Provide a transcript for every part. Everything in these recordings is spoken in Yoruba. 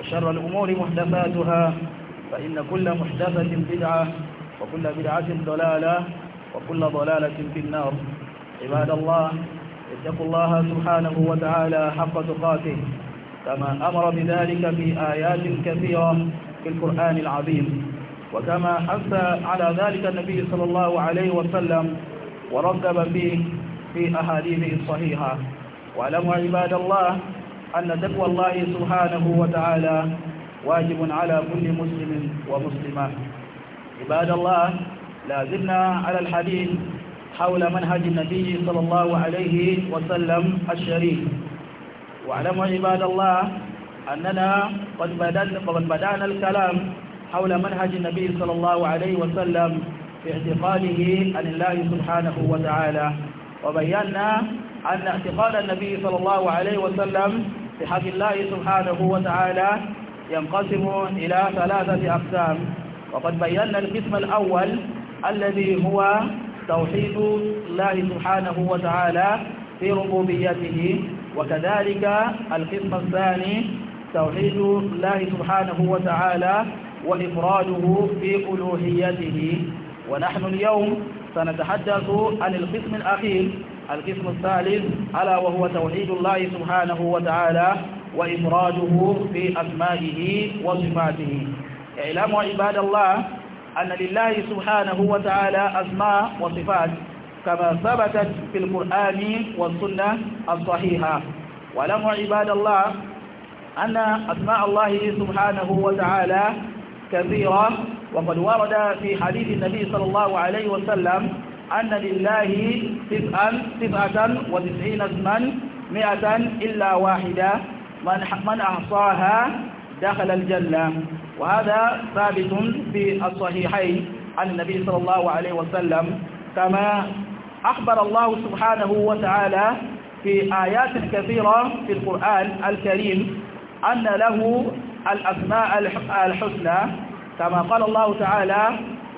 وشر الأمور محدثاتها فإن كل محدثة بدعة وكل بدعة ضلالة وكل ضلالة في النار عباد الله اتقوا الله سبحانه وتعالى حق تقاته كما أمر بذلك في آيات كثيرة في القرآن العظيم وكما حث على ذلك النبي صلى الله عليه وسلم ورغب فيه في أحاديثه الصحيحة واعلموا عباد الله أن تقوى الله سبحانه وتعالى واجب على كل مسلم ومسلمة عباد الله لازمنا على الحديث حول منهج النبي صلى الله عليه وسلم الشريف واعلموا عباد الله أننا قد بدأنا, قد بدأنا الكلام حول منهج النبي صلى الله عليه وسلم في اعتقاده عن الله سبحانه وتعالى وبينا أن اعتقاد النبي صلى الله عليه وسلم بحق الله سبحانه وتعالى ينقسم إلى ثلاثة أقسام وقد بينا القسم الأول الذي هو توحيد الله سبحانه وتعالى في ربوبيته وكذلك القسم الثاني توحيد الله سبحانه وتعالى وإفراده في ألوهيته ونحن اليوم سنتحدث عن القسم الأخير القسم الثالث ألا وهو توحيد الله سبحانه وتعالى وإفراده في أسمائه وصفاته إعلام عباد الله أن لله سبحانه وتعالى أسماء وصفات كما ثبتت في القرآن والسنة الصحيحة ولم عباد الله أن أسماء الله سبحانه وتعالى كثيرة وقد ورد في حديث النبي صلى الله عليه وسلم أن لله تسعا تسعة وتسعين اسما مئة إلا واحدة من من أحصاها دخل الجنة وهذا ثابت في الصحيحين عن النبي صلى الله عليه وسلم كما أخبر الله سبحانه وتعالى في آيات كثيرة في القرآن الكريم أن له الأسماء الحسنى كما قال الله تعالى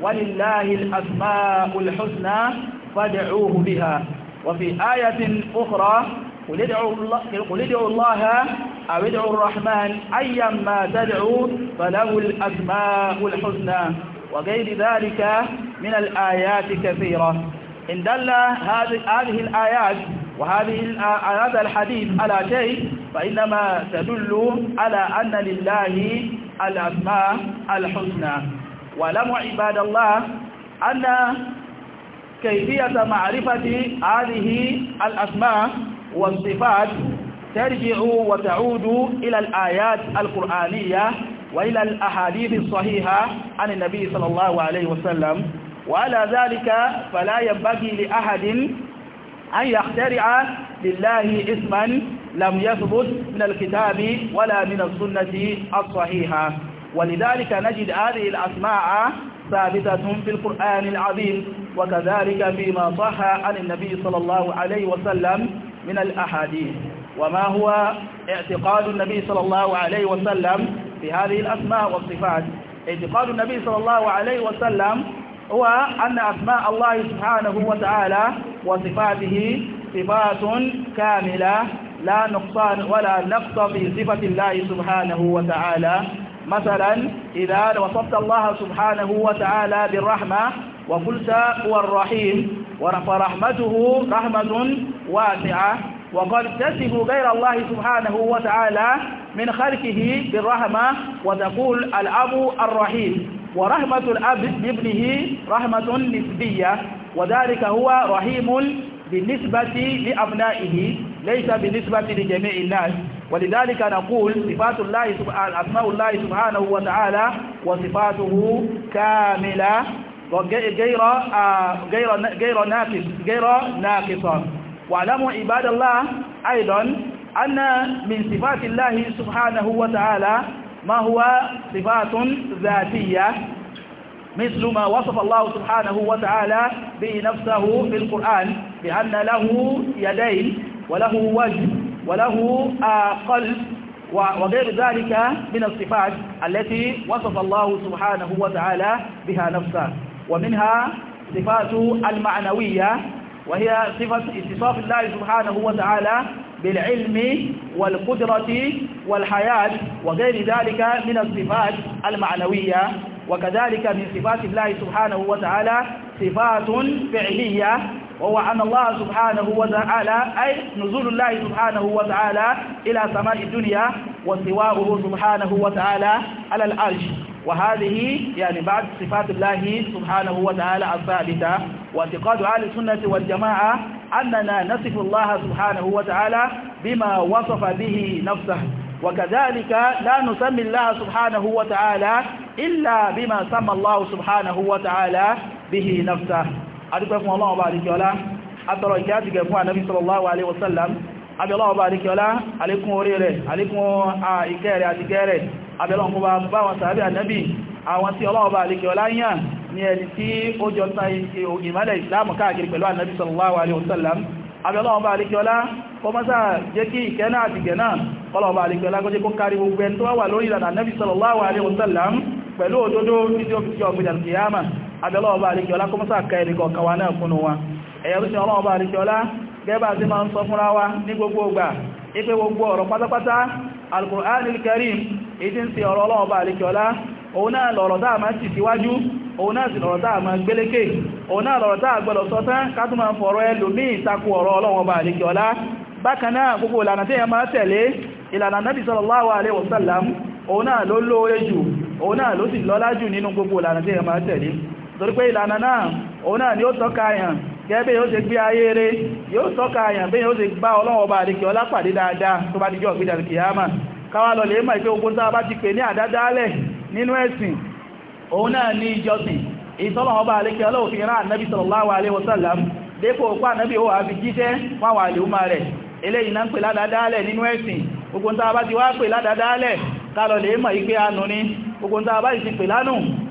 ولله الأسماء الحسنى فادعوه بها وفي آية أخرى قل ادعوا الله, قل ادعوا الله أو ادعوا الرحمن أيا ما تدعوا فله الأسماء الحسنى وغير ذلك من الآيات كثيرة إن دل هذه الآيات وهذه هذا الحديث على شيء فإنما تدل على أن لله الأسماء الحسنى واعلموا عباد الله أن كيفية معرفة هذه الأسماء والصفات ترجع وتعود إلى الآيات القرآنية وإلى الأحاديث الصحيحة عن النبي صلى الله عليه وسلم وعلى ذلك فلا ينبغي لأحد أن يخترع لله اسما لم يثبت من الكتاب ولا من السنة الصحيحة ولذلك نجد هذه الأسماء ثابتة في القرآن العظيم وكذلك فيما صح عن النبي صلى الله عليه وسلم من الأحاديث وما هو اعتقاد النبي صلى الله عليه وسلم في هذه الأسماء والصفات اعتقاد النبي صلى الله عليه وسلم هو أن أسماء الله سبحانه وتعالى وصفاته صفات كاملة لا نقصان ولا نقص في صفة الله سبحانه وتعالى مثلا إذا وصفت الله سبحانه وتعالى بالرحمة وقلت هو الرحيم فرحمته رحمة واسعة وقد تسب غير الله سبحانه وتعالى من خلقه بالرحمة وتقول الأب الرحيم ورحمة الأب بابنه رحمة نسبية وذلك هو رحيم بالنسبة لأبنائه ليس بالنسبة لجميع الناس ولذلك نقول صفات الله أسماء الله سبحانه وتعالى وصفاته كاملة غير آه، غير غير ناقص غير ناقصة واعلموا عباد الله أيضا أن من صفات الله سبحانه وتعالى ما هو صفات ذاتية مثل ما وصف الله سبحانه وتعالى به نفسه في القرآن بأن له يدين وله وجه وله آه، قلب وغير ذلك من الصفات التي وصف الله سبحانه وتعالى بها نفسه ومنها صفات المعنوية وهي صفة اتصاف الله سبحانه وتعالى بالعلم والقدرة والحياة وغير ذلك من الصفات المعنوية وكذلك من صفات الله سبحانه وتعالى صفات فعلية وهو أن الله سبحانه وتعالى أي نزول الله سبحانه وتعالى إلى سماء الدنيا وسواه سبحانه وتعالى على العرش وهذه يعني بعد صفات الله سبحانه وتعالى الثابتة واعتقاد أهل السنة والجماعة أننا نصف الله سبحانه وتعالى بما وصف به نفسه وكذلك لا نسمي الله سبحانه وتعالى إلا بما سمى الله سبحانه وتعالى به نفسه adúpẹ́ fún ọlọ́wọ́ bá àríkíọlá atọrọ ìkẹ́ àtìkẹ́ fún ànábì sallallahu alaihi wasallam abẹ́lọ́wọ́ bá àríkíọlá alékún orí rẹ̀ alékún ìkẹ́ rẹ̀ àtìkẹ́ rẹ̀ abẹ́lọ́wọ́ kó bá wọn sàábẹ́ ànábì àwọn tí ọlọ́wọ́ bá àríkíọlá yàn ní ẹni tí ó jọ ta ìmọ́lẹ̀ ìsìlámù káàkiri pẹ̀lú ànábì sallallahu alaihi wasallam abẹ́lọ́wọ́ bá àríkíọlá kọmọ́sá jẹ́ kí ìkẹ́ náà àtìkẹ́ náà kọlọ̀ọ̀bá àríkíọlá kó jẹ́ kó kárí gbogbo abẹ́lọ́ọ̀bá àríkẹ́ọlá kó mọ́sá ká ẹnì kọ̀ọ̀kan wa náà kúnnú wa ẹ̀yẹ́ ọlọ́ọ̀bá àríkẹ́ọlá gẹ́bà sí máa ń sọ fúnra wa ní gbogbo ọgbà ipé gbogbo ọ̀rọ̀ pátápátá Al-Qur'anil Karim ìdí ń sí ọ̀rọ̀ ọlọ́ọ̀bá àríkẹ́ọlá òun náà lọ̀rọ̀ dáa máa ti síwájú òun náà sì lọ̀rọ̀ dáa máa gbélékè òun náà lọ̀rọ̀ dáa gbọ́dọ̀ sọ́tán kátó máa fọ̀rọ̀ ẹlòmí ìtakò ọ̀rọ̀ ọlọ́wọ́n bá àríkẹ́ ọlá òun náà ló lóore jù òun náà ló sì lọ́lá jù nínú gbogbo ìlànà tí ẹ máa tẹ̀lé torí pé ìlànà náà òun náà ni ó tọ́ka àyàn gẹ́gẹ́ yóò ṣe gbé ayé rẹ̀ yóò tọ́ka àyàn bí yóò ṣe gbá ọlọ́wọ́ bá àdíkẹ́ ọlápàdé dáadáa tó bá díjọ́ ìgbéjà lọ lè ogun bá ti pè ní àdádálẹ̀ nínú ẹ̀sìn òun náà ní ìjọsìn ìtọ́lọ̀wọ́ bá àdíkẹ́ ọlọ́wọ́fin rán ànábì sallallahu alaihi wasallam dépò òpá a ti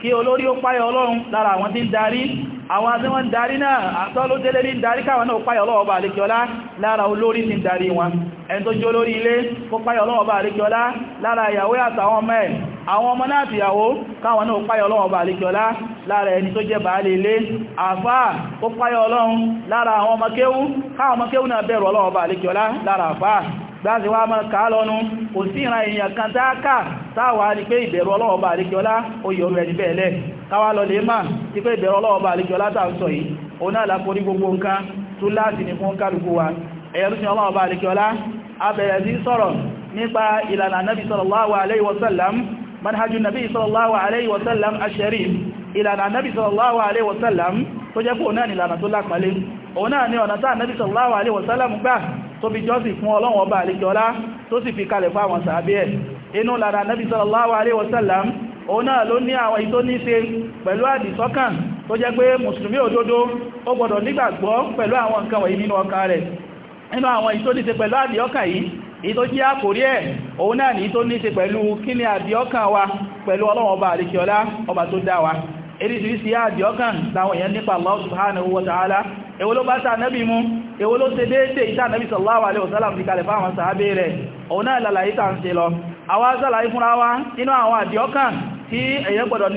kí olórí ó páyà ọlọ́run lára àwọn tí ń darí àwọn tí wọ́n ń darí náà àtọ́ ló tẹ́lẹ̀ ní darí káwọn náà páyà ọlọ́ọ̀bà àríkíọlá lára olórí tí ń darí wọn ẹni tó jẹ́ olórí ilé kó páyà ọlọ́ọ̀bà àríkíọlá lára ìyàwó àtàwọn ọmọ ẹ̀ àwọn ọmọ náà ti yàwó káwọn náà páyà ọlọ́ọ̀bà àríkíọlá lára ẹni tó jẹ́ bàálé ilé àfáà ó páyà ọlọ́run lára àwọn ọmọ káwọn ọmọ náà bẹ̀rù ọlọ́ọ̀bà àríkíọlá lára àfáà gbáàsì wá máa kàá lọ́nu kò sí ìran èèyàn kan táàkà táwàá ní pé ìbẹ̀rù ọlọ́ọ̀bà àríkíọlá ó yọrù ẹni bẹ́ẹ̀ lẹ̀ káwà lọ lè máa ti pé ìbẹ̀rù ọlọ́ọ̀bà àríkíọlá tàà ń sọ yìí òun náà lápò ní gbogbo nǹkan tún láti ní fún kálukú wa ẹ̀yẹ̀rú sí ọlọ́ọ̀bà a nabi sallallahu alaihi wasallam manhajun nabi sallallahu alaihi wasallam asharif ìlànà nabi sallallahu alaihi wasallam tó jẹ́ kó náà ìlànà tó lápàlẹ́ òun náà ni ọ̀nà tá Ànábì sallallahu alaihi wasallam gbà tó fi jọ́sìn fún Ọlọ́run ọba àlejọ́lá tó sì fi kalẹ̀ fún àwọn sàábí ẹ̀ inú lára Ànábì sallallahu alaihi wasallam òun náà ló ní àwọn ìtó ní ṣe pẹ̀lú àdìsọ́kàn tó jẹ́ pé mùsùlùmí òdodo ó gbọ́dọ̀ nígbàgbọ́ pẹ̀lú àwọn nǹkan wọ̀nyí nínú ọkàn rẹ̀ nínú àwọn ìtó ní ṣe pẹ̀lú àdìọ́kàn yìí ìtó jẹ́ àkórí ẹ̀ òun náà ní tó ní ṣe pẹ̀lú kí ni àdìọ́kàn wa pẹ̀lú Ọlọ́run ọba àlejọ́lá ọba tó dá èèyàn nípa Allah subhanahu wa ta'ala èwo ló bá ta nabi mu èwo ló ṣe déédé ìta nabi sallallahu alaihi wasallam fi kalẹ̀ fáwọn sàábé rẹ̀ òun náà lálàyé tà ń ṣe lọ àwọn sàlàyé fúnra wa inú àwọn àdíọ́kàn tí èyẹ gbọ́dọ̀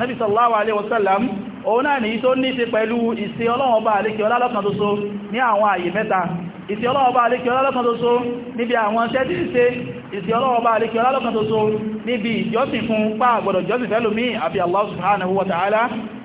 nabi sallallahu alaihi wasallam òun náà ní tó ní ṣe pẹ̀lú ìsí ọlọ́wọ́ bá àríkí ọlá lọ́kan tó so ní àwọn àyè mẹ́ta ìsí ọlọ́wọ́ bá àríkí ọlá lọ́kan tó so níbi àwọn iṣẹ́ tí ń ṣe ìsí ọlọ́wọ́ bá àríkí ọlá lọ́kan tó so níbi àbí Allah subhanahu wa ta'ala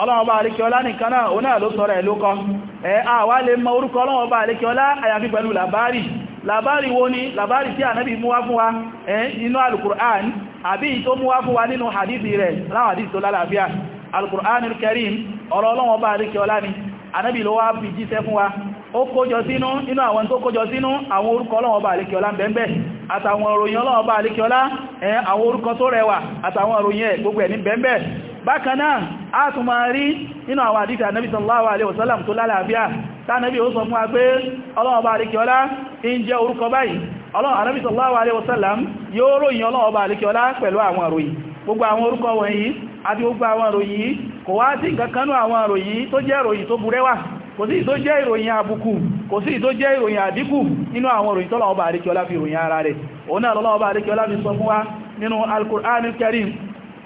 ọlọ́ọ̀bá alékiọlá nìkan náà òun náà ló sọ́rọ̀ ẹ̀ ló kọ́ ẹ̀ àwá lè mọ orúkọ ọlọ́ọ̀bá alékiọlá àyàfi pẹ̀lú làbárì làbárì wo ni làbárì tí ànábì mú wá fún wa ẹ̀ inú alukur'an àbí tó mú fún wa nínú hadithi rẹ̀ láwọn hadithi tó lálàáfíà alukur'an karim ọ̀rọ̀ ọlọ́ọ̀bá alékiọlá ni ànábì ló wá fi jíṣẹ́ fún wa ó kójọ sínú inú àwọn tó kójọ sínú àwọn orúkọ ọlọ́ọ̀bá alékiọlá ń bẹ́ẹ̀ bakana a tún máa rí nínú àwọn àdíkà Ànábì sallallahu alaihi wasallam tó lálàáfíà ó sọ fún wa pé ọlọ́ọ̀bá àríkíọlá ń jẹ́ orúkọ báyìí ọlọ́ọ̀ àríkíọlá pẹ̀lú àwọn àròyìn gbogbo àwọn orúkọ wọ̀nyí àti gbogbo àwọn àròyìn kò sí ìtó jẹ́ ìròyìn àbùkù kò sí ìtó jẹ́ ìròyìn àdíkù nínú àwọn tọ́lọ̀ ọba fi ìròyìn ara rẹ̀ òun náà lọ́lọ́ ọba àríkíọlá Karim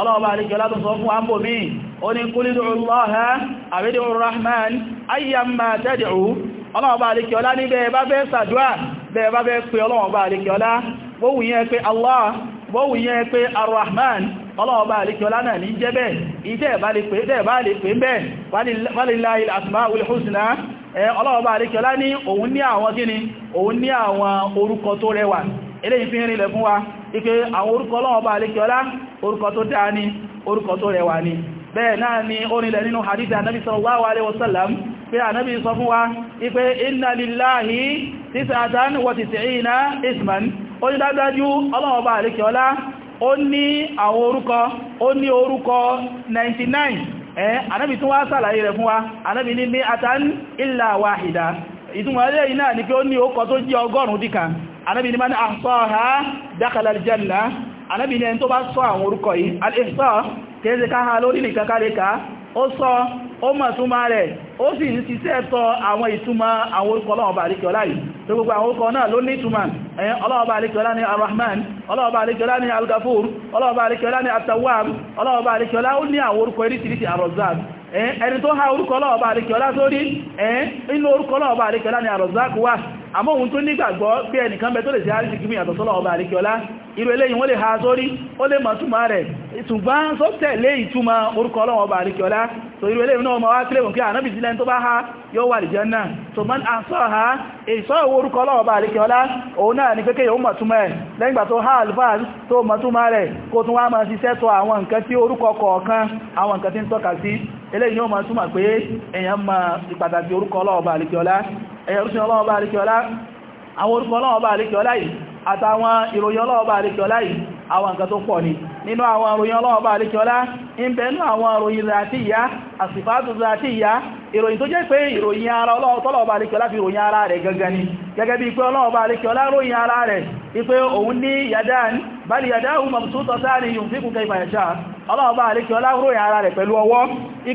ọlọ́ọ̀bá àríkẹ́ látọ̀sọ́ fún àmbò mí ó ní kúlìdù ọlọ́ha àrídìí rahman ayyamma tad'u ọlọ́ọ̀bá àríkẹ́ ọlá ní bẹ́ẹ̀ bá fẹ́ sàdúà bẹ́ẹ̀ bá fẹ́ pé ọlọ́ọ̀bá àríkẹ́ ọlá bóhùn yẹn pé allah bóhùn yẹn pé arrahman ọlọ́ọ̀bá àríkẹ́ ọlá náà ní jẹ́ bẹ́ẹ̀ ìtẹ́ bá lè pé bẹ́ẹ̀ walillahi al-asma'ul husna ọlọ́ọ̀bá àwọn orúkọ ọlọ́ọ̀bá àríkẹ́ ọlá orúkọ tó dáa ní orúkọ tó rẹwà ní bẹ́ẹ̀ náà ni orílẹ̀ nínú hadith anábi sallallahu alaihi wasallam pé anábi sọ fún wa ipé inna lillahi tis'atan wa tis'ina isman ó ní dájájú ọlọ́ọ̀bá àríkẹ́ọlá ó ní àwọn orúkọ ó ní 99 eh anábi tún wá sàlàyé rẹ̀ fún wa anábi ní mi'atan illa wahida ìtumọ̀ ẹlẹ́ iná ni pé ó ní orúkọ tó jẹ́ ọgọ́rùn-ún anábì ní ẹni tó bá sọ àwọn orúkọ yìí al-ihsa kéèsè káha lórí nìkan káreka ó sọ ó mọ̀ túnmà rẹ̀ ó sì ń ṣiṣẹ́ tọ àwọn ìtumọ̀ àwọn orúkọ ọlọ́wọ́ bá àríkẹ́ ọlá al-gafur ọlọ́wọ́ bá àríkẹ́ ọlá ní at-tawwab ọlọ́wọ́ bá àríkẹ́ ọlá ó ní àwọn orúkọ eríṣiríṣi ar-razzaq ẹni tó ha orúkọ ọlọ́wọ́ bá àríkẹ́ ọlá sórí inú orúkọ ọlọ́wọ́ bá àríkẹ́ ọlá àmọ́ ohun tó nígbàgbọ́ bí ẹnìkan bẹ tó lè sí àríjì kí ìyàtọ̀ sọ́lọ̀ ọba àríkíọlá irú eléyìn wọ́n lè ha sórí ó lè mọ̀ túnmà rẹ̀ ṣùgbọ́n tó tẹ̀lé ìtumọ̀ orúkọ ọlọ́wọ́ ọba àríkíọlá so irú eléyìn náà ma wá kílẹ̀ wọn kí ànábì sílẹ̀ ha yóò wà so man ansọ́ ha èso ìwò orúkọ ọlọ́wọ́ ọba àríkíọlá ni kékèyàn ó mọ̀ túnmà ẹ̀ lẹ́yìngbà tó ha alfaz tó mọ̀ túnmà rẹ̀ kó tún wá máa ṣiṣẹ́ tó àwọn nǹkan tí orúkọ kọ̀ọ̀kan àwọn nǹkan tí ń tọ́ka sí eléyìn yóò ẹ̀yẹ̀rúsìn ọlọ́wọ́ bá àríkẹ́ọlá àwọn orúkọ ọlọ́wọ́ bá àríkẹ́ọlá yìí àtàwọn ìròyìn ọlọ́wọ́ bá àríkẹ́ọlá yìí àwọn nǹkan tó pọ̀ ni nínú àwọn ìròyìn ọlọ́wọ́ bá ìròyìn tó jẹ́ pé ìròyìn ara ọlọ́ọ̀tọ́lọ̀ọba alékiọlá fi ròyìn ara rẹ̀ gangan ni gẹ́gẹ́ bí pé ròyìn ara rẹ̀ ipé òun ní yàdáni bali yàdáhù mabsuta sáàrí yùn ròyìn ara rẹ̀ pẹ̀lú ọwọ́ ní ròyìn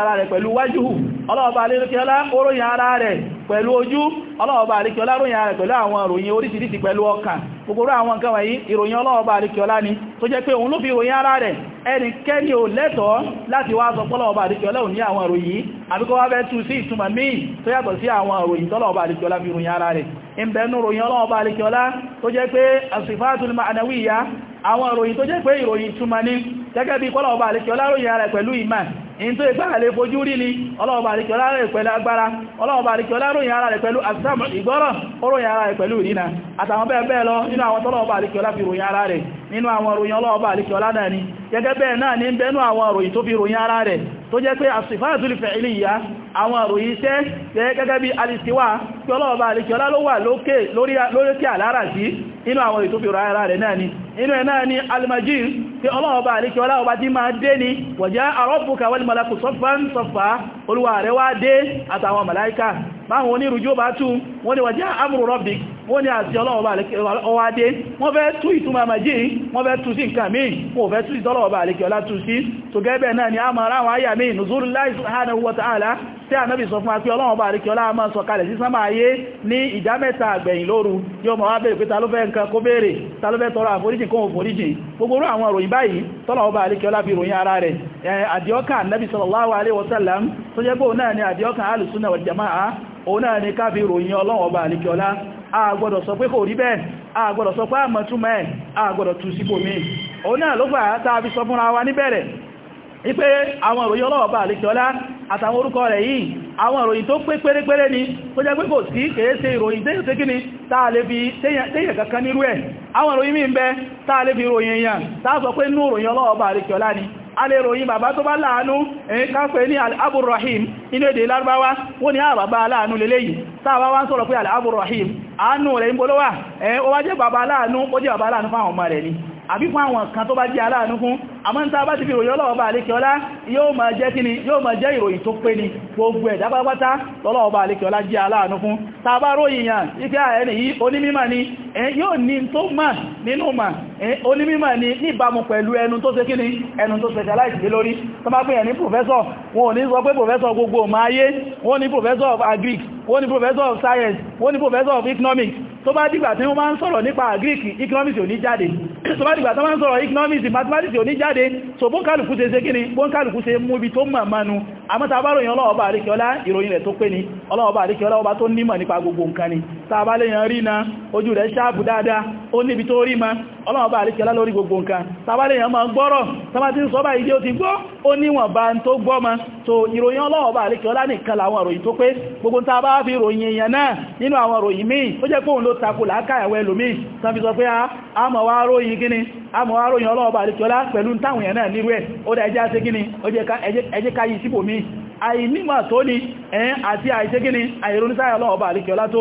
ara rẹ̀ pẹ̀lú ojú ọlọ́ọ̀ba alékiọlá ròyìn ara rẹ̀ nǹkan wọ̀nyí ìròyìn ọlọ́ọ̀bá àríkíọlá ni tó jẹ́ pé òun ló fi ìròyìn ara rẹ̀ ẹnikẹ́ni ò lẹ́tọ̀ọ́ láti wá sọ pọ́lọ̀ọ̀bá àríkíọlá ò ní àwọn ìròyìn àbíkọ́ wá fẹ́ tú sí ìtumọ̀ míì tó yàtọ̀ sí àwọn ìròyìn tọ́lọ̀ọ̀bá àríkíọlá fi ìròyìn ara rẹ̀ ìbẹ̀nú ìròyìn ọlọ́ọ̀bá àríkíọlá tó jẹ́ in tó ìgbà àlè fojú rí ni ọlọ́ọ̀bà àríkẹ́ọlá rẹ̀ pẹ̀lú agbára ọlọ́ọ̀bà àríkẹ́ọlá ròyìn ara rẹ̀ pẹ̀lú àtìsàmù ìgbọ́rọ̀ ó ròyìn ara rẹ̀ pẹ̀lú ìrìnà àtàwọn bẹ́ẹ̀ bẹ́ẹ̀ lọ nínú àwọn tọ́lọ́ọ̀bà àríkẹ́ọlá fi ròyìn ara rẹ̀ nínú àwọn ròyìn ọlọ́ọ̀bà àríkẹ́ọlá gẹ́gẹ́ bẹ́ẹ̀ náà ní fi ròyìn tó jẹ́ pé as-sifatul fi'liyya àwọn àròyìn iṣẹ́ jẹ́ gẹ́gẹ́ bí alistiwa tí ọlọ́ọ̀bá alìkíọlá ló wà lókè lórí àlára sí inú àwọn ètò fi rọ ara rẹ̀ náà ni inú ẹ̀ náà ni al-majid tí ọlọ́ọ̀bá alìkíọlá ọba tí máa dé ni wa ja'a báwọn onírùjú bá tú wọ́n ni wàjá amru rabbik wọ́n ni àti ọlọ́ọ̀bá ọwádé wọ́n fẹ́ tú ìtumọ̀ àmàjí wọ́n fẹ́ tú sí nǹkan míì wọ́n fẹ́ tú ìtọ́lọ̀ọ̀bá àlekẹ̀ọ́lá tú sí tó gẹ́bẹ̀ náà ni a máa ráwọn àyà míì nuzulillahi subhanahu wa ta'ala tí a nábi sọ fún akí ọlọ́ọ̀bá àlekẹ̀ọ́lá máa sọ kalẹ̀ sí sánmà ayé ní ìdá mẹ́ta àgbẹ̀yìn lóru yóò máa wá bèèrè pé ta ló fẹ́ nǹkan kó béèrè sallallahu alaihi wasallam tó jẹ́ bóò náà ni àdíọ́kà alùsùnà wal jama'a òun náà ni káàfi ìròyìn ọlọ́run ọba àníkíọlá àgbọ́dọ̀ sọ pé kò rí bẹ́ẹ̀ àgbọ́dọ̀ sọ pé àmọ̀túnmọ̀ ẹ̀ àgbọ́dọ̀ tún sípò òun náà ló sọ fúnra wa níbẹ̀rẹ̀ ọba àtàwọn orúkọ rẹ̀ yìí àwọn ìròyìn tó pé pérépéré ni tó jẹ́ pé kò sí kèése ìròyìn ni táà lè fi tẹ́yẹ̀ kankan nírú ẹ̀ àwọn ìròyìn mí ń bẹ táà lè fi ìròyìn èèyàn táà sọ pé nú ìròyìn ọlọ́ọ̀bà ni a lè ròyìn bàbá tó bá láàánú ẹ̀yìn káfẹ́ ní al'aburrahim inú èdè lárúbáwá wọ́n ni a ah, bàbá aláàánú lélẹ́yìn sáàwá wá ń sọ̀rọ̀ pé al'aburrahim àánú rẹ̀ ń bolówà ẹ̀yìn ó ni àbí fún àwọn kan tó bá jẹ́ aláàánú fún àmọ́ ń tàà bá ti fi ìròyìn ọlọ́ọ̀bá àlékẹ́ọlá yóò máa jẹ́ kíni yóò máa jẹ́ ìròyìn tó pé ni gbogbo ẹ̀dá pátápátá lọ́lọ́ọ̀bá àlékẹ́ọlá jẹ́ aláàánú fún tàà bá ròyìn yàn ìfẹ́ ẹni yìí onímímà ni yóò ní tó mà nínú mà onímímà ni níbàmù pẹ̀lú ẹnu tó ṣe kíni ẹnu tó specialize lé lórí tó bá pè ní professor wọn ò ní sọ pé professor gbogbo ọmọ ayé wọ́n ní professor of agric wọ́n ní professor of science wọ́n ní professor of economics tó bá dìgbà tí wọ́n máa ń sọ̀rọ̀ nípa agric economics ò ní jáde tó bá dìgbà tó máa ń sọ̀rọ̀ economics mathematics ò ní jáde so bó kálùkú ṣe ṣe kí ni bó kálùkú ṣe mú ibi tó mọ̀ mánu àmọ́ta bá ròyìn ọlọ́ọ̀bá àríkẹ́ọlá ìròyìn rẹ̀ tó pé ni ọlọ́ọ̀bá àríkẹ́ọlá tó nímọ̀ nípa gbogbo nǹkan ni na ojú rẹ̀ ṣáàbù dáadáa ó níbi tó rí ma ọlọ́ọ̀bá àríkẹ́ọlá lórí gbogbo nǹkan tàbá lèyàn ma gbọ́rọ̀ tàbá ti ń sọ bá ìdí ó ti gbọ́ ó níwọ̀n bá ń tó gbọ́ ma so ìròyìn ọlọ́ọ̀bá àríkẹ́ọlá nìkan làwọn ìròyìn tó pé gbogbo tá bá fi ròyìn èèyàn kíni a mọ̀ aróyìn ọlọ́ọ̀bà àríkíọlá pẹ̀lú táwọn èèyàn náà nírú ẹ̀ ó dá ẹjá sí kíni ẹjẹ́ káyí sípò mi àìnímọ̀ tó ní ẹ̀yìn àti àìṣẹ́ kíni àìrónísáyà ọlọ́ọ̀bà àríkíọlá tó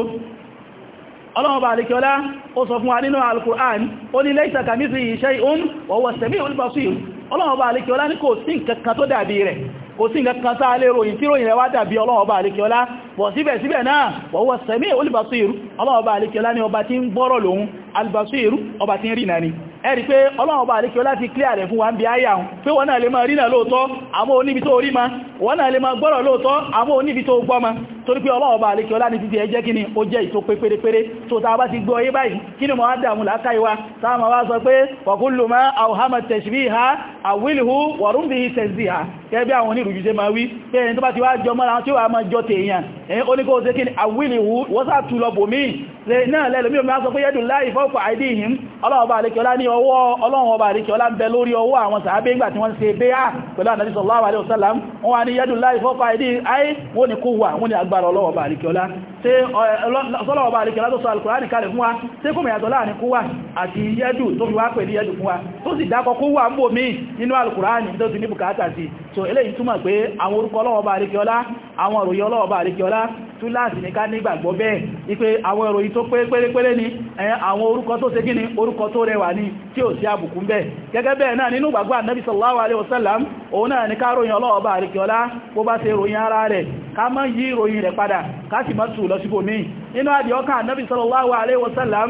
ọlọ́ọ̀bà àríkíọlá ó sọ fún wa nínú al-Qur'an ó ní laysa kamithlihi shay'un wa huwa as-sami'ul basir ọlọ́ọ̀bà àríkíọlá ní kò sí nǹkan tó dàbí rẹ̀ kò sí nǹkan kan sáà lè ròyìn tí ròyìn rẹ̀ wá dàbí ọlọ́ọ̀bà àríkíọlá bọ̀ síbẹ̀síbẹ̀ náà wa huwa as ọlọ́ọ̀bà àríkíọlá ní ọba tí ń gbọ́rọ̀ lòun al ọba tí ń rí náà ni ẹ̀rí pé ọlọ́run bá alékẹ́ láti clear rẹ̀ fún wa ń bí ayà hùn pé wọ́n náà lè máa rí náà lóòtọ́ àmọ́ oníbi tó rí ma wọ́n náà lè máa gbọ́rọ̀ lóòtọ́ àmọ́ oníbi tó gbọ́ ma torí pé ọlọ́ọ̀bá alékẹ́ ọlá ní títí ẹjẹ́ kí ni ó jẹ́ ìtò pé pérépéré tó ta bá ti gbọ́ ayé báyìí kí ni mọ̀ á dàmù lákàíwá táàmà wá sọ pé wàkúlù máa àwòhámà tashbiha àwílìhú wọ̀rún bí tẹ̀síhà gẹ́gẹ́ àwọn onírùjú ṣe máa wí pé ẹni tó bá ti wá jọ mọ́ra tí ó wà máa jọ tèèyàn ẹ̀yìn ó ní kó ni àwílìhú wọ́n sá tù lọ bò mí náà lẹ́lùmí omi aṣọ pé yẹ́dùn láì fọ́pù àìdí ìhìn ọlọ́run ọba àríkẹ́ọlá ní ọwọ́ ọlọ́run ọba àríkẹ́ọlá ń bẹ lórí ọwọ́ àwọn sàábé ńgbà tí wọ́n ṣe bẹ́yà pẹ̀lú ànàbí ni kó wà wọ́n ni lágbára ọlọ́wọ̀bà àríkẹ́ọlá tí ọlọ́wọ̀bà àríkẹ́ọlá tó sọ alkùnrin kalẹ̀ fún wa tí kò mẹ́yàtọ̀ láàrin kúwà àti yẹ́dù tó fi wá pè ní yẹ́dù fún wa tó sì dákọ wà ń bò mí nínú alkùnrin túláàsì ní ká nígbàgbọ́ bẹ́ẹ̀ ipé àwọn ìròyìn tó pé pérépéré ni àwọn orúkọ tó ṣe gíní orúkọ tó rẹwà ní tí ò sí àbùkù ń gẹ́gẹ́ bẹ́ẹ̀ sallallahu alaihi wasallam òun náà ní ká ròyìn ọlọ́ọ̀bá àríkíọlá bó bá ṣe ròyìn ara rẹ̀ ká má yí ròyìn sallallahu alaihi wasallam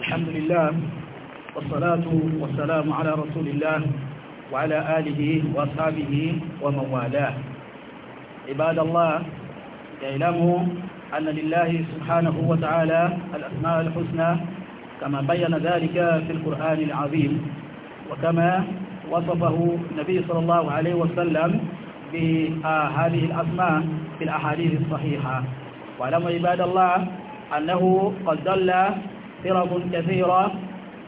الحمد لله والصلاة والسلام على رسول الله وعلى آله وأصحابه ومن والاه عباد الله اعلموا أن لله سبحانه وتعالى الأسماء الحسنى كما بين ذلك في القرآن العظيم وكما وصفه النبي صلى الله عليه وسلم بهذه الأسماء في الأحاديث الصحيحة واعلموا عباد الله أنه قد دل فرق كثيرة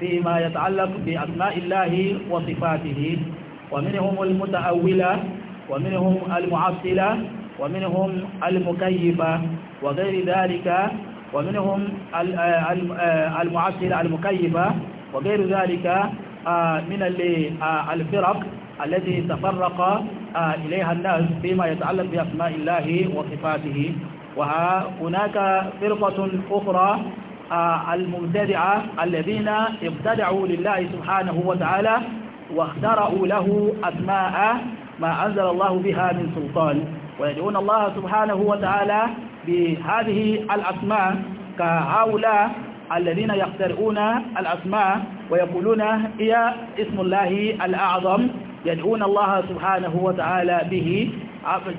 فيما يتعلق بأسماء الله وصفاته ومنهم المتأولة ومنهم المعطلة ومنهم المكيفة وغير ذلك ومنهم آه، آه، المعطلة المكيفة وغير ذلك آه، من الفرق التي تفرق إليها الناس فيما يتعلق بأسماء الله وصفاته وهناك فرقة أخرى آه، المبتدعة الذين ابتدعوا لله سبحانه وتعالى واخترعوا له أسماء ما أنزل الله بها من سلطان ويدعون الله سبحانه وتعالى بهذه الأسماء كهؤلاء الذين يخترعون الأسماء ويقولون هي اسم الله الأعظم يدعون الله سبحانه وتعالى به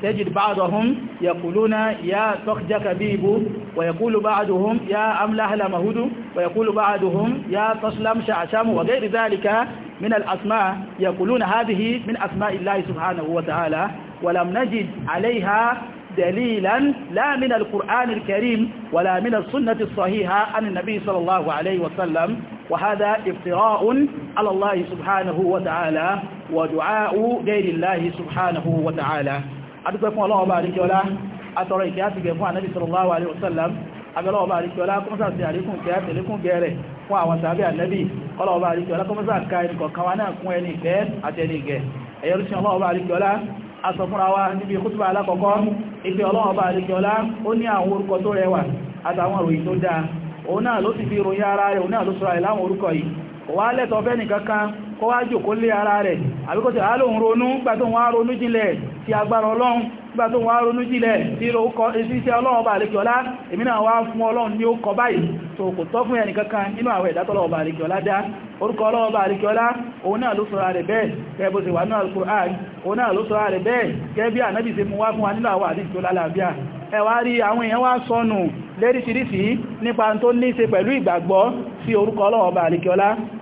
تجد بعضهم يقولون يا تخجك كبيبو ويقول بعضهم يا أملا أهل مهود ويقول بعضهم يا تسلم شعشام وغير ذلك من الأسماء يقولون هذه من أسماء الله سبحانه وتعالى ولم نجد عليها دليلا لا من القرآن الكريم ولا من السنة الصحيحة عن النبي صلى الله عليه وسلم وهذا افتراء على الله سبحانه وتعالى wa du'a'u ghayrillahi subhanahu wa ta'ala adúpẹ́ fún ọlọ́wọ́ bá àríkíọlá atọrọ ìkẹ́ àti gẹ̀ fún ànábì sallallahu alaihi wasallam abẹ́lọ́wọ́ bá àríkíọlá kọmọ́sà sí àríkùn kẹ́ àtẹ̀lékún gẹ̀ẹ́rẹ̀ fún àwọn sàábẹ́ ànábì ọlọ́wọ́ bá àríkíọlá kọmọ́sà ká ẹnì kọ̀ọ̀kan wa náà kún ẹni ìkẹ́ àti ẹni ìgẹ̀ ẹ̀yọ́rú sí ọlọ́wọ́ bá àríkíọlá aṣọ fúnra wa níbi kútùbà alákọ̀ọ́kọ́ ìpé ọlọ́wọ́ bá àríkíọlá ó ní àwọn orúkọ tó rẹwà àtàwọn òròyìn tó dáa òun náà ló ti fi ròyìn ara rẹ̀ òun náà lẹ́tọ̀ọ́fẹ́ nìkankan kó wá jòkó lé ara rẹ̀ àbíkọ́sẹ̀ alóhun ronú gbà tó wá ronú jílẹ̀ ti agbára ọlọ́run gbà tó wá ronú jílẹ̀ tí ó kọ ìsíṣẹ́ ọlọ́run bá lẹ́kọ̀ọ́lá èmi náà wá fún ọlọ́run ní ó kọ báyìí tó kò tọ́ fún ẹnìkankan nínú àwọn ìdátọ́lọ́ọ̀bà àríkíọlá dá orúkọ ọlọ́ọ̀bà àríkíọlá òun náà ló sọ́ra rẹ̀ bẹ́ẹ̀ gẹ́bó sì wà náà Al-Qur'an òun náà ló sọ́ra rẹ̀ bẹ́ẹ̀ gẹ́bí ànábì èèyàn wá sọnù lẹ́rìsìírísìí nípa tó ní ṣe pẹ̀lú ìgbàgbọ́ sí orúkọ ọlọ́ọ̀bà àríkíọlá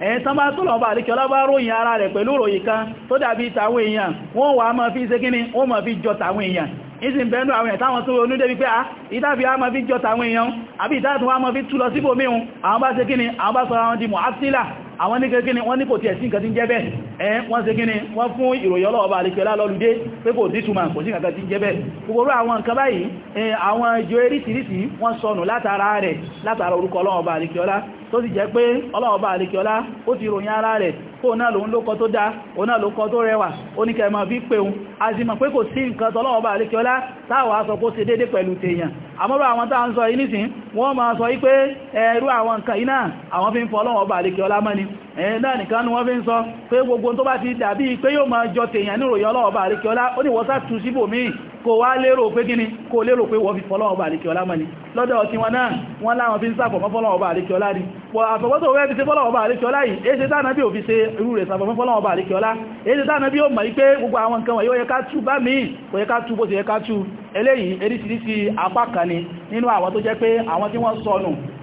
ẹ̀yìn tán bá tọ́lọ̀ ọba àríkẹ́ ọlọ́bá ròyìn ara rẹ̀ pẹ̀lú ròyìn kan tó dàbí tàwọn èèyàn wọ́n wà máa fi ṣe kíní wọ́n máa fi jọ tàwọn èèyàn ìsìn bẹ̀ẹ́nú àwọn ẹ̀ táwọn tó ronú débi pé ah, ìdábi a máa fi jọ tàwọn èèyàn àbí ìdáàtùn wa máa fi tú lọ síbòmíhun àwọn bá ṣe kíní àwọn bá sọ àwọn di mọ̀ àwọn ní kẹ́kẹ́ ni wọ́n ní kò tí ẹ̀sìn kẹtí jẹ́bẹ̀ ẹ̀ wọ́n ṣe kíni wọ́n fún ìròyìn ọlọ́ọ̀bà àríkẹ́lá lọ́lúdé pé kò tí túnmà kò sí kẹtí jẹ́bẹ̀ gbogbo àwọn nǹkan báyìí àwọn ìjọ eríṣìíríṣìí wọ́n sọnù látara rẹ̀ látara orúkọ ọlọ́ọ̀bà àríkẹ́lá tó sì jẹ́ pé ọlọ́ọ̀bà àríkẹ́lá ó ti ròyìn ara rẹ̀ kó àmọ́rọ̀ àwọn tàà ń sọ yìí nìsìn wọ́n máa sọ wípé ẹ̀rú àwọn nǹkan iná àwọn fi ń fọ́ ọlọ́wọ́ bà lè ọlá mọ́ni ẹ̀yìn nìkan ni wọ́n fi ń sọ pé gbogbo tó bá ti dàbí pé yóò máa jọ tèèyàn níròyìn ọlọ́wọ́ bà lè kí ọlá ó ní wọ́sá tù síbò míì kò wá lérò pé kíni kò lérò pé wọ́n fi fọ́lọ́wọ́ bá àríkẹ́ ọlá mọ́ni lọ́dọ̀ tí wọn náà wọ́n láwọn fi ń sàfọ̀mọ́ fọ́lọ́wọ́ bá àríkẹ́ ọlá rí wọ́n àfọ̀mọ́tò wẹ́ fi ṣe fọ́lọ́wọ́ bá àríkẹ́ ọlá yìí èsì tánà bí ò fi ṣe irú rẹ̀ sàfọ̀mọ́ fọ́lọ́wọ́ bá ni nínú àwọn tó jẹ́ pé àwọn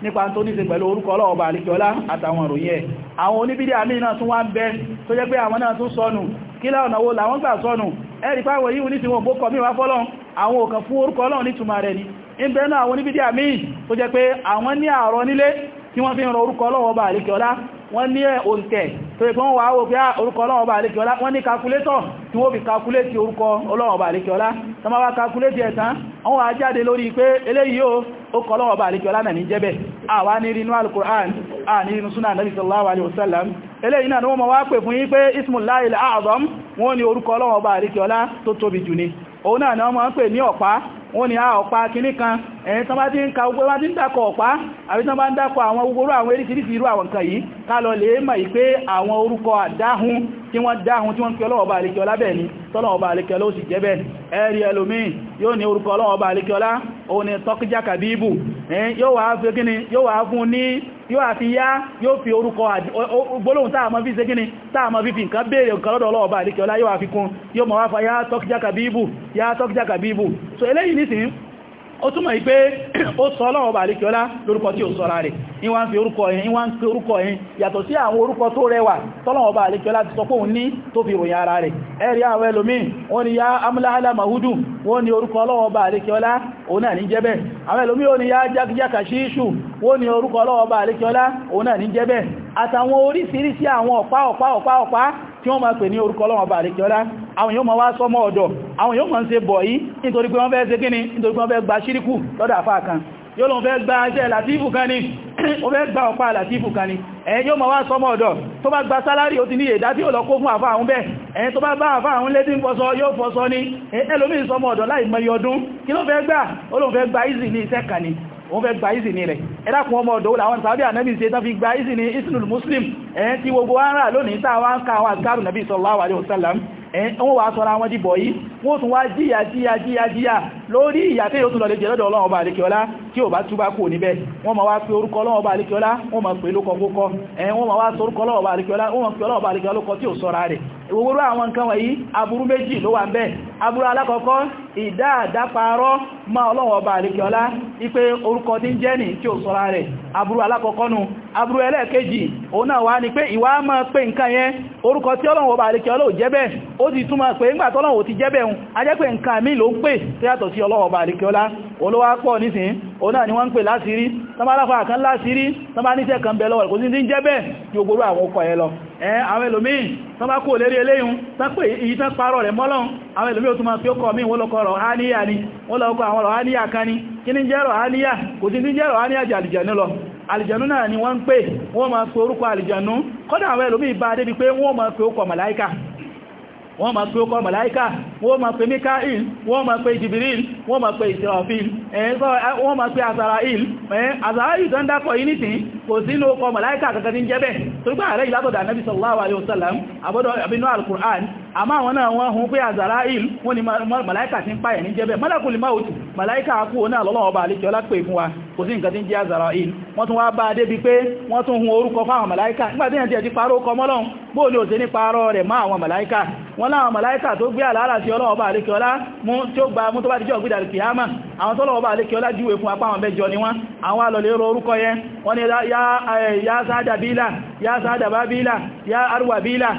nípa tó ní ṣe pẹ̀lú orúkọ ọlọ́wọ́ bá alikiola àtàwọn òròyìn ẹ̀ àwọn oníbídí àmì náà tún wá ń bẹ tó jẹ́ pé àwọn náà tún sọnù kí láọ̀nà wo làwọn gbà sọnù ẹ̀rì pàwọ̀ yíò ni ń bẹ náà àwọn oníbídí àmì tó jẹ́ pé àwọn ní àárọ̀ nílé wọ́n ní òǹtẹ̀ tó yẹ pé wọ́n wà áwò pé ah, orúkọ ọlọ́run ọba àlékiọlá wọ́n ní kalkulétọ̀ tí wọ́n fi kalkulétì orúkọ ọlọ́run ọba àlékiọlá tó máa wá kalkulétì ẹ̀tàn wọ́n wà jáde lórí pé eléyìí ó a ni wọ́n máa wá pè fún yí pé ismullahi al-a'zam wọ́n ní orúkọ ọlọ́run ọba àlékiọlá tó tóbi jù ni òun náà ni wọ́n máa wọ́n ni a ọ̀pá kìíní kan ẹ̀yìn tán bá ti ń ka ogbó wá ti ń dákọ̀ ọ̀pá àbí tán bá ń dákọ̀ àwọn ogbóró àwọn eréṣìíríṣìí irú àwọn nǹkan yìí ká lọ lè mọ̀ ìpé àwọn orúkọ àdáhùn tí wọ́n dá àwọn tí wọ́n ń pè ọlọ́ọ̀bá àríkẹ́ ọlá bẹ́ẹ̀ ni tọ́lọ̀ọ̀bá àríkẹ́ ọlá ó sì jẹ́ bẹ́ẹ̀ ẹ̀rí ẹlòmí yóò ní orúkọ ọlọ́ọ̀bá àríkẹ́ ọlá òun ni tọ́kíjá kàbíbù yóò wá fún ní yóò àfi yá yóò fi orúkọ gbólóhùn táàmọ́ fi ṣe gíní táàmọ́ fi fi nǹkan béèrè nǹkan lọ́dọ̀ ọlọ́ọ̀bá àríkẹ́ ọlá yóò àfikún yóò ó túnmọ̀ ìpé ó sọ ọlọ́wọ́ bà líkíọ́lá lórúkọ tí ó sọ́ra rẹ̀ ìwà ń fi orúkọ yìí ìwà ń fi orúkọ yìí yàtọ̀ sí àwọn orúkọ tó rẹwà bà ti ya Amula mahudu wọ́n ni orúkọ ọlọ́wọ́ bà líkíọ́lá òun náà tí wọ́n máa pè ní orúkọ ọlọ́wọ̀n bá àríkẹ́ọ́lá àwọn yóò máa wá sọ́mọ́ ọ̀dọ̀ àwọn yóò máa ń ṣe bọ̀ yìí nítorí pé wọ́n fẹ́ ṣe kíni nítorí pé wọ́n fẹ́ gba ṣíríkù lọ́dọ̀ àfáà kan yóò lọ fẹ́ gba iṣẹ́ làtífù kan ní o fẹ́ gba ọ̀pá làtífù kan ní ẹ̀yìn yóò ma wá sọmọ́ ọ̀dọ̀ tó bá gba sálárì ó ti ní ìdá wọ́n fẹ́ gba ìsìnì rẹ̀ ẹ̀dàkùn ọmọ ọ̀dọ̀ làwọn sàádé ànábì ṣe tán fi gba ìsìnì ìsìnul muslim ẹ̀yẹn tí gbogbo ara lónìí tàwà ń ka àwọn àgbàrù nàbí sallallahu alaihi wasallam wọ́n wá sọ́ra wọn dìbọ̀ yìí wọ́n tún wá jíyà jíyà jíyà jíyà lórí ìyà tí yóò tún lọlẹ̀ jẹ́lọ́dọ̀ ọlọ́run ọba àríkẹ́ọlá tí ò bá túbá kò níbẹ̀ wọ́n ma wá pé orúkọ ọlọ́run ọba àríkẹ́ọlá wọ́n ma pè lókọ kókọ ìwòwòrò àwọn nǹkan wọ̀nyí aburú méjì ló wà aburu aburú alákọ̀ọ́kọ́ ìdáàdáparọ́ ma Ọlọ́hun Ọba àríkẹ́ọlá ipé orúkọ tí ń jẹ́ ní tí ó sọ́ra rẹ̀ aburú alákọ̀ọ́kọ́ nù aburú ẹlẹ́ẹ̀kejì òun náà wá ní pé ìwà máa pé nǹkan yẹn orúkọ tí Ọlọ́hun Ọba ti òun náà ni wọ́n ń pè láṣìírí tọ́bá aláfà kan láṣìírí tọ́bá níṣẹ́ kan bẹ̀ lọ́wọ́ kò sí ti ń jẹ́ bẹ́ẹ̀ tí ó gbogbo àwọn ọkọ̀ ẹ lọ ẹ̀ẹ́ àwọn ẹlòmíì tọ́bá kò lérí eléyìn tọ́pẹ̀ èyí tán parọ́ rẹ̀ mọ́lọ́un àwọn ẹlòmíì ó tún máa fi ó kọ̀ mí wọ́n lọ́kọ̀ rọ̀ áníyà ni wọ́n lọ́kọ̀ àwọn rọ̀ áníyà kan ni kí ní jẹ́ rọ̀ áníyà kò sí ti ń jẹ́ àlìjànú náà ni wọ́n ń pè wọ́n máa pe orúkọ àlìjànú kọ́dà àwọn ẹlòmíì bá débi pé wọ́n máa pe ó kọ̀ wọ́n ma pé ọkọ̀ màláíkà wọ́n ma pé mikael wọ́n ma pé jibril wọ́n ma pé israfil wọ́n ma pé azarail azarail tó ń dápọ̀ yìí nìtì kò sínú ọkọ̀ màláíkà kankan ní jẹ́bẹ̀ tó gbá àrẹ́ ìlàtọ̀dà nabi sallallahu alaihi wasallam abọ́dọ̀ àbínú al-Qur'an àmá àwọn náà wọ́n hun pé àzàrá ìlú wọ́n ni màláíkà ti ń pààyẹ̀ ní jẹ́bẹ̀ mọ́lákùnlé máa òtù màláíkà kú o náà lọ́lọ́wọ́ bá alékẹ́ ọlápẹ́ fún wa kò sí nǹkan tí ń jẹ́ àzàrá ìlú wọ́n tún wá bá a débi pé wọ́n tún hun orúkọ fáwọn awọn nígbàtí yàn ti ẹ̀ ti parọ́ àwọn màláíkà ya eh, ya sáádà bábílà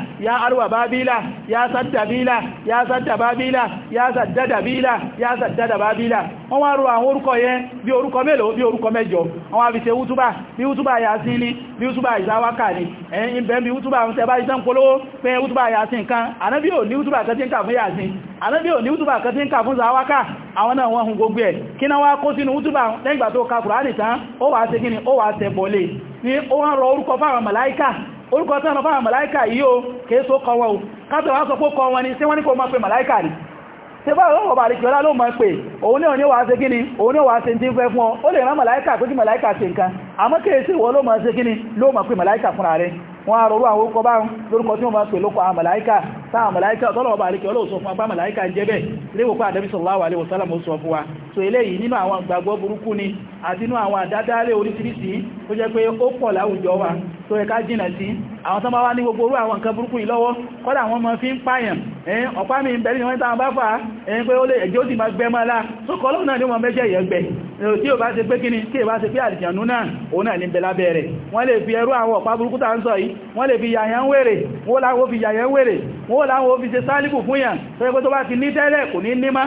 ya ya sàdàbílà ya sàdàbábílà ya sàdàdàbílà ya sàdàdàbábílà wọ́n wá rò àwọn orúkọ yẹn bí orúkọ mélòó bí orúkọ mẹ́jọ wọ́n wá fi ṣe wútúbà bí wútúbà Yasin ní bí wútúbà ìsáwákà ní ẹ̀yìn bẹ̀m̀bí wútúbà ń tẹ́bá ìsán wútúbà Yasin kan ànábí ò ní wútúbà kan Yasin ànábí ò ní wútúbà kan tí ń kà fún sáwákà àwọn náà wọ́n hun gbogbo ẹ̀ kí náà wá kó sínú wútúbà ó wà á ṣe kí ni ó wà á ṣẹ̀bọ̀lẹ̀ ó wá rọ orúkọ fáwọn màláíkà orúkọ tí wọ́n fáwọn màláíkà yìí o kìí só kọ wọn o kátọ̀ wá sọ pé kọ wọn ni sí wọ́n ní kó máa pe màláíkà rí tí bá ọ̀rọ̀ bàrí kìí ọlá ló máa pè òun ní òní wàá ṣe kíni òun ní wàá ṣe tí ń fẹ́ fún ọ ó lè rán màláíkà tó kí màláíkà ṣe nǹkan àmọ́ kìí sí ìwọ ló máa ṣe kíni ló máa pe màláíkà fúnra rẹ̀ wọ́n á rọrú àwọn orúkọ lórúkọ tí wọ́n máa pè lókọ àwọn màláíkà táwọn màláíkà tọ́lọ̀ ọba àríkẹ́ ọlọ́ọ̀sọ fún apá màláíkà ń jẹ́ bẹ́ẹ̀ léwòkọ́ àdẹ́bí sallallahu alaihi wasallam sọ fún wa so eléyìí nínú àwọn ìgbàgbọ́ burúkú ni àti nínú àwọn àdádálẹ̀ oríṣiríṣi tó jẹ́ pé ó pọ̀ láwùjọ wa tó yẹ ká jìnà sí àwọn tán bá wá ní gbogbo orú àwọn nǹkan burúkú yìí lọ́wọ́ kọ́dà wọn mọ́ fi ń pààyàn ọ̀pá mi ń bẹ̀rẹ̀ ni wọ́n tàn bá fà á pé ó lè ẹ̀jẹ́ ó sì máa gbẹ́mọ́lá tó kọ́ lọ́nà ní wọn mẹ́jẹ̀ yẹ̀gbẹ̀ tí ò bá ṣe pé kíni tí ò bá ṣe pé àlìjànú náà òun náà ní bẹ̀lá bẹ̀rẹ̀ wọ́n lè fi ẹrú àwọn ọ̀pá burúkú tà ń sọ yìí wọ́n lè fi yàyàn wèrè wọ́n láwọn fi yàyàn wèrè wọ́n láwọn fi ṣe sálíbù fún yàn tó yẹ pé tó bá ti ní tẹ́lẹ̀ kò ní nímá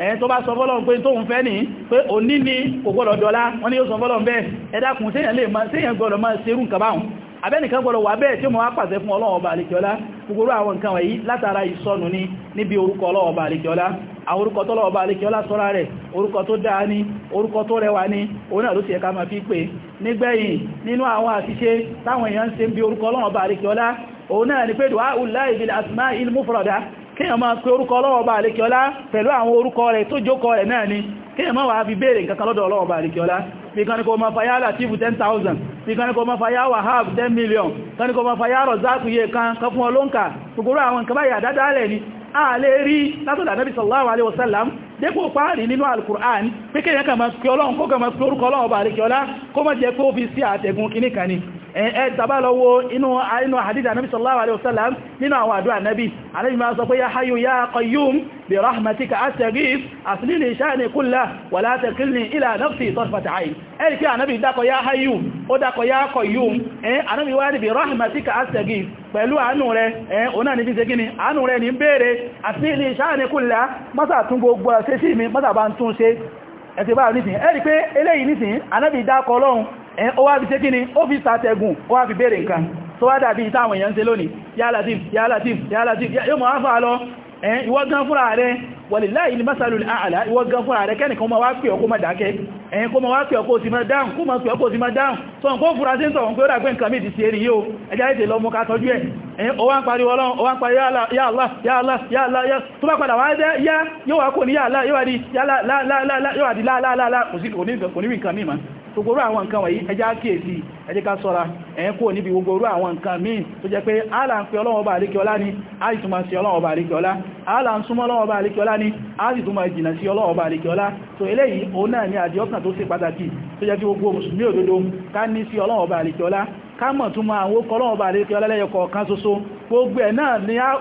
ẹ̀yẹn tó bá sọ fọ́lọ́n pé tóun fẹ́ ní pé òní ní kò gbọ́dọ̀ dọ́lá wọ́n ni yóò sọ fọ́lọ́n bẹ́ẹ̀ ẹ dákun séyàn gbọ́dọ̀ máa serú nǹkan báhùn abẹ́nìkan gbọ́dọ̀ wà bẹ́ẹ̀ tí ó mọ̀ wá pàṣẹ fún ọlọ́wọ́ ọba àlekíọ́lá gbogbo àwọn nǹkan wọ̀nyí látara ìsọnù ní níbi orúkọ ọlọ́wọ́ ọba àlekíọ́lá àwọn orúkọ tó lọ́wọ́ ọba àlekíọ́lá sọ́ra rẹ̀ orúkọ tó dáa ní orúkọ tó rẹwà ní òun náà ló ti ẹ̀ka máa fi pè nígbẹ̀yìn nínú àwọn àṣìṣe táwọn èèyàn ń ṣe bí orúkọ ọlọ́wọ́ ọba àlekíọ́lá òun náà ni pé dùá ùláì bil asma'il kíyàn máa pé orúkọ ọlọ́wọ́ bá àlékiọlá pẹ̀lú àwọn orúkọ rẹ̀ tó jókọ rẹ̀ náà ni kíyàn máa wà fi béèrè nǹkan lọ́dọ̀ ọlọ́wọ́ bá àlékiọlá bí kan ní kó máa fayá Latifu 10,000 bí kan ní kó máa 10 million kan ní kó máa fayá Rọ̀záàkù yẹ kan kan fún ọlọ́nkà gbogbo àwọn nǹkan báyà dáadáa lẹ̀ ni a lè rí látọ̀dà Nabi sallallahu alaihi wasallam dépò páàrí nínú Al-Qur'an pé kéèyàn kà máa kí bá àríkẹ́ ọlá ẹ tàbá lọ wo inú àínú àdídà nabi sallallahu alaihi wasallam nínú àwọn àdúrà nabi alaihi ma sọ pé ya hayu ya qayyum bi rahmatika astaghif aslini sha'ni kullahu wa la takilni ila nafsi tarfata ayn ẹ kí anabi dákọ ya hayu ó dákọ ya qayyum ẹ anabi wá ní bi rahmatika astaghif pẹ̀lú àánú rẹ̀ ẹ̀ ọ̀nà ní fi ṣe gíní àánú rẹ̀ ní bèèrè aslini sha'ni kullahu mọ́sà tún gbogbo ṣe pé eléyìí nìsìn anábì dákọ ó wá fi ṣe kí ni ó fi sàtẹ̀gùn ó wá fi béèrè nǹkan tó wá dàbí ìtàwọn èèyàn ṣe lónìí yá latif yá latif yá latif yóò mọ̀ áfà lọ ẹ̀yìn ìwọ́gán fúnra rẹ̀ wàlìláì ní masalul ààlá ìwọ́gán fúnra rẹ̀ kẹ́nìkan ma wá pè ọkó ma dákẹ́ ẹ̀yìn kó ma wá pè ọkó ti ma dáhùn kó ma pè ọkó ti ma dáhùn tó n kó fúra sí sọ̀rọ̀ pé ó ràgbé nǹkan mìí ti ṣe rí yóò ẹjá ètè lọ mú ká tọ́jú ẹ̀ ẹ̀yìn ó wá ń pariwo ọlọ́run ó wá ń pariwo ya Allah ya Allah ya Allah tó bá padà wá jẹ́ yá yóò wá kò ní yá lá yóò wá di lá lá lá lá yóò wá di lá lá lá lá kò ní nǹkan mìí tó gbogbo àwọn nǹkan wọ̀nyí ẹjá kíyèsí ẹ jẹ́ ká ṣọ́ra ẹ̀yìn kúrò níbi gbogbo orú àwọn nǹkan míì tó jẹ́ pé ààlà ń pe ọlọ́wọ́ ni a sì túnmà sí ọlọ́wọ́ bá àríkẹ́ ọlá ààlà ń súnmọ́ ọlọ́wọ́ ni a sì túnmà jìnà sí ọlọ́wọ́ bá àríkẹ́ ọlá tó eléyìí ni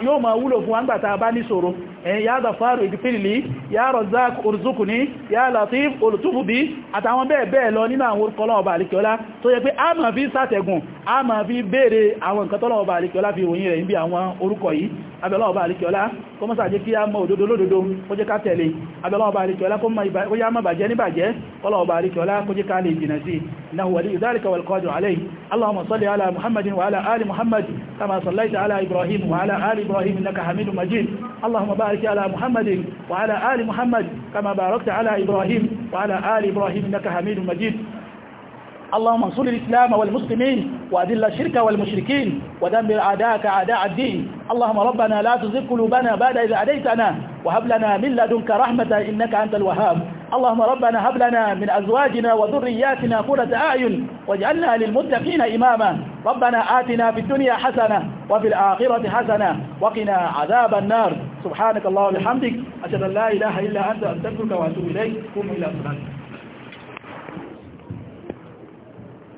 gbogbo ni Eh, ya Ghafaru ìgbìfìlì ya Razzaq orzukuni ya Latif olùtúfùbí àtàwọn bẹ́ẹ̀ bẹ́ẹ̀ lọ nínú àwọn orúkọ Ọlọ́run Ọba àríkẹ́ọlá tó yẹ pé a máa fi sàtẹ̀gùn a máa fi béèrè àwọn nǹkan tọ́lọ́run Ọba àríkẹ́ọlá fi òyìn rẹ̀ níbi àwọn orúkọ yìí abẹ́lọ́wọ́ bá àríkẹ́ọlá kó mọ́ sàájé kí a mọ́ òdodo lódodo kó jẹ́ ká tẹ̀lé abẹ́lọ́wọ́ bá àríkẹ́ọlá kó yá mọ́ bàjẹ́ ní bàjẹ́ kọ́lọ́wọ́ bá àríkẹ́ọlá kó jẹ́ ká lè jìnà sí إنه ولي ذلك والقادر عليه اللهم صل على محمد وعلى آل محمد كما صليت على إبراهيم وعلى آل إبراهيم إنك حميد مجيد اللهم بارك وبارك على محمد وعلى آل محمد كما باركت على إبراهيم وعلى آل إبراهيم إنك حميد مجيد اللهم انصر الإسلام والمسلمين وأذل الشرك والمشركين ودمر أعداءك أعداء الدين اللهم ربنا لا تزغ قلوبنا بعد إذ هديتنا وهب لنا من لدنك رحمة إنك أنت الوهاب اللهم ربنا هب لنا من أزواجنا وذرياتنا قرة أعين واجعلنا للمتقين إماما ربنا آتنا في الدنيا حسنة وفي الآخرة حسنة وقنا عذاب النار سبحانك اللهم وبحمدك أشهد أن لا إله إلا أنت أستغفرك وأتوب إليك قم إلى صلاتك